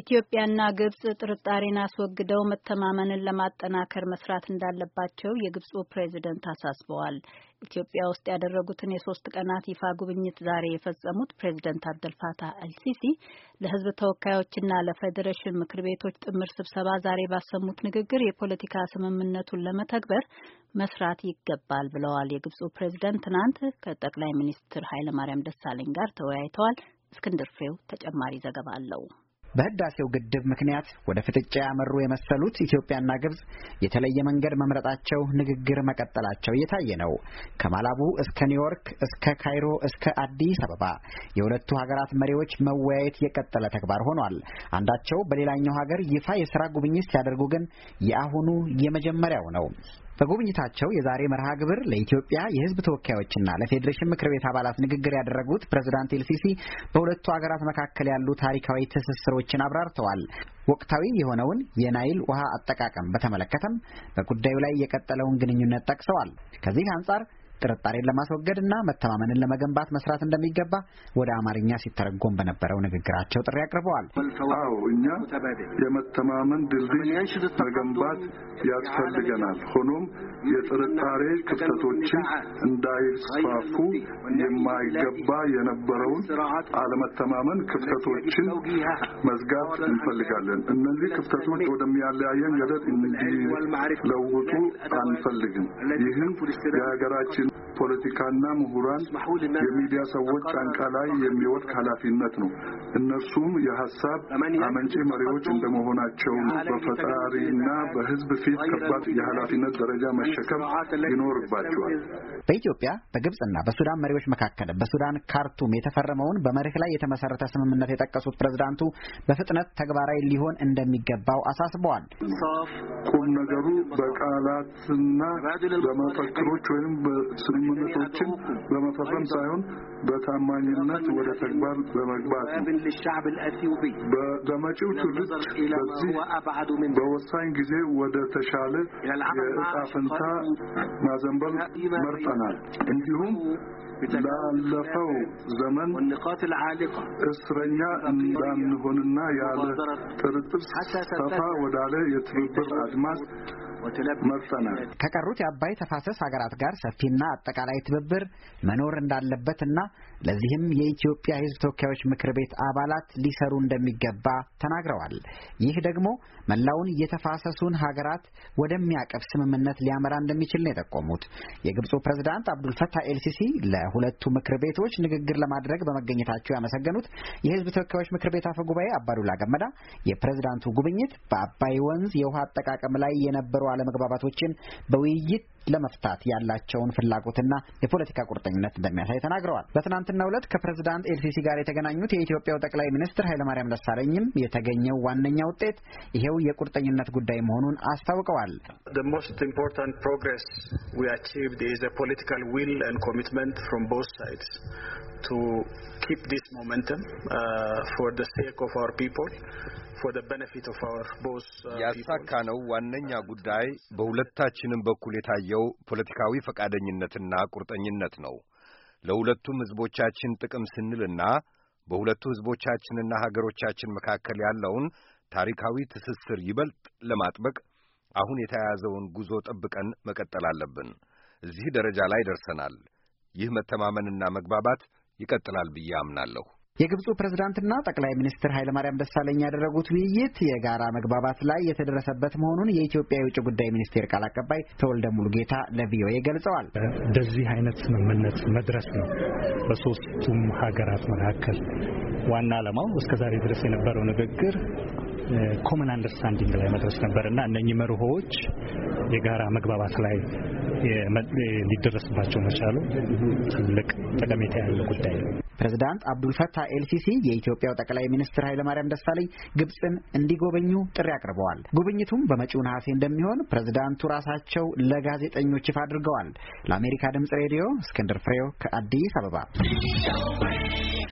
ኢትዮጵያና ግብጽ ጥርጣሬን አስወግደው መተማመንን ለማጠናከር መስራት እንዳለባቸው የግብጹ ፕሬዚደንት አሳስበዋል። ኢትዮጵያ ውስጥ ያደረጉትን የሶስት ቀናት ይፋ ጉብኝት ዛሬ የፈጸሙት ፕሬዚደንት አብደልፋታህ አልሲሲ ለሕዝብ ተወካዮችና ለፌዴሬሽን ምክር ቤቶች ጥምር ስብሰባ ዛሬ ባሰሙት ንግግር የፖለቲካ ስምምነቱን ለመተግበር መስራት ይገባል ብለዋል። የግብጹ ፕሬዚደንት ትናንት ከጠቅላይ ሚኒስትር ኃይለማርያም ደሳለኝ ጋር ተወያይተዋል። እስክንድር ፍሬው ተጨማሪ ዘገባ አለው። በህዳሴው ግድብ ምክንያት ወደ ፍጥጫ ያመሩ የመሰሉት ኢትዮጵያና ግብጽ የተለየ መንገድ መምረጣቸው ንግግር መቀጠላቸው እየታየ ነው። ከማላቡ እስከ ኒውዮርክ፣ እስከ ካይሮ፣ እስከ አዲስ አበባ የሁለቱ ሀገራት መሪዎች መወያየት የቀጠለ ተግባር ሆኗል። አንዳቸው በሌላኛው ሀገር ይፋ የስራ ጉብኝት ሲያደርጉ ግን የአሁኑ የመጀመሪያው ነው። በጉብኝታቸው የዛሬ መርሃ ግብር ለኢትዮጵያ የሕዝብ ተወካዮችና ለፌዴሬሽን ምክር ቤት አባላት ንግግር ያደረጉት ፕሬዝዳንት ኤልሲሲ በሁለቱ ሀገራት መካከል ያሉ ታሪካዊ ትስስሮችን አብራርተዋል። ወቅታዊ የሆነውን የናይል ውሃ አጠቃቀም በተመለከተም በጉዳዩ ላይ የቀጠለውን ግንኙነት ጠቅሰዋል። ከዚህ አንጻር ጥርጣሬን ለማስወገድ እና መተማመንን ለመገንባት መስራት እንደሚገባ ወደ አማርኛ ሲተረጎም በነበረው ንግግራቸው ጥሪ አቅርበዋል። አዎ እኛ የመተማመን ድልድይ መገንባት ያስፈልገናል። ሆኖም የጥርጣሬ ክፍተቶችን እንዳይስፋፉ የማይገባ የነበረውን አለመተማመን ክፍተቶችን መዝጋት እንፈልጋለን። እነዚህ ክፍተቶች ወደሚያለያየን ገደል እንዲለውጡ አንፈልግም። ይህም የሀገራችን ፖለቲካና ምሁራን፣ የሚዲያ ሰዎች ጫንቃ ላይ የሚወድቅ ኃላፊነት ነው። እነርሱም የሀሳብ አመንጪ መሪዎች እንደመሆናቸው በፈጣሪ እና ፊት ከባድ የኃላፊነት ደረጃ መሸከም ይኖርባቸዋል። በኢትዮጵያ በግብጽና በሱዳን መሪዎች መካከል በሱዳን ካርቱም የተፈረመውን በመርህ ላይ የተመሰረተ ስምምነት የጠቀሱት ፕሬዝዳንቱ በፍጥነት ተግባራዊ ሊሆን እንደሚገባው አሳስበዋል። ቁም ነገሩ በቃላትና በመፈክሮች ወይም ስምምነቶችን በመፈረም ሳይሆን በታማኝነት ወደ ተግባር በመግባት ነው። للشعب الأثيوبي بدمجه وتردد إلى ما هو أبعد من بوسعين جزء وده تشعله إلى العمل مع eh, أفنتاء ما زنبل مرتنال انتهم ላለፈው ዘመን እስረኛ እንዳንሆንና ያለ ጥርጥር ሰፋ ወዳለ የትብብር አድማስ ከቀሩት የአባይ ተፋሰስ ሀገራት ጋር ሰፊና አጠቃላይ ትብብር መኖር እንዳለበትና ለዚህም የኢትዮጵያ ሕዝብ ተወካዮች ምክር ቤት አባላት ሊሰሩ እንደሚገባ ተናግረዋል። ይህ ደግሞ መላውን የተፋሰሱን ሀገራት ወደሚያቀፍ ስምምነት ሊያመራ እንደሚችል ነው የጠቆሙት። የግብፁ ፕሬዝዳንት አብዱልፈታህ ኤልሲሲ ለሁለቱ ምክር ቤቶች ንግግር ለማድረግ በመገኘታቸው ያመሰገኑት የሕዝብ ተወካዮች ምክር ቤት አፈ ጉባኤ አባዱላ ገመዳ የፕሬዝዳንቱ ጉብኝት በአባይ ወንዝ የውሃ አጠቃቀም ላይ የነበሩ አለመግባባቶችን በውይይት ለመፍታት ያላቸውን ፍላጎትና የፖለቲካ ቁርጠኝነት እንደሚያሳይ ተናግረዋል። በትናንትናው ዕለት ከፕሬዝዳንት ኤልሲሲ ጋር የተገናኙት የኢትዮጵያው ጠቅላይ ሚኒስትር ኃይለማርያም ደሳለኝም የተገኘው ዋነኛ ውጤት ይሄው የቁርጠኝነት ጉዳይ መሆኑን አስታውቀዋል። ፕሮግረስ Uh, ያሳካነው ዋነኛ ጉዳይ በሁለታችንም በኩል የታየው ፖለቲካዊ ፈቃደኝነትና ቁርጠኝነት ነው። ለሁለቱም ሕዝቦቻችን ጥቅም ስንልና በሁለቱ ሕዝቦቻችንና ሀገሮቻችን መካከል ያለውን ታሪካዊ ትስስር ይበልጥ ለማጥበቅ አሁን የተያያዘውን ጉዞ ጠብቀን መቀጠል አለብን። እዚህ ደረጃ ላይ ደርሰናል። ይህ መተማመንና መግባባት ይቀጥላል ብዬ አምናለሁ። የግብፁ ፕሬዝዳንትና ጠቅላይ ሚኒስትር ኃይለማርያም ደሳለኝ ያደረጉት ውይይት የጋራ መግባባት ላይ የተደረሰበት መሆኑን የኢትዮጵያ የውጭ ጉዳይ ሚኒስቴር ቃል አቀባይ ተወልደ ሙሉጌታ ለቪኦኤ ገልጸዋል። እንደዚህ አይነት ስምምነት መድረስ ነው በሶስቱም ሀገራት መካከል ዋና ዓላማው። እስከዛሬ ድረስ የነበረው ንግግር ኮመን አንደርስታንዲንግ ላይ መድረስ ነበር እና እነኚህ መርሆዎች የጋራ መግባባት ላይ ሊደረስባቸው መቻሉ ትልቅ ጠቀሜታ ያለው ጉዳይ ነው። ፕሬዚዳንት አብዱልፈታ ኤልሲሲ የኢትዮጵያው ጠቅላይ ሚኒስትር ኃይለማርያም ደሳለኝ ግብፅን እንዲጎበኙ ጥሪ አቅርበዋል። ጉብኝቱም በመጪው ነሐሴ እንደሚሆን ፕሬዚዳንቱ ራሳቸው ለጋዜጠኞች ይፋ አድርገዋል። ለአሜሪካ ድምጽ ሬዲዮ እስክንድር ፍሬው ከአዲስ አበባ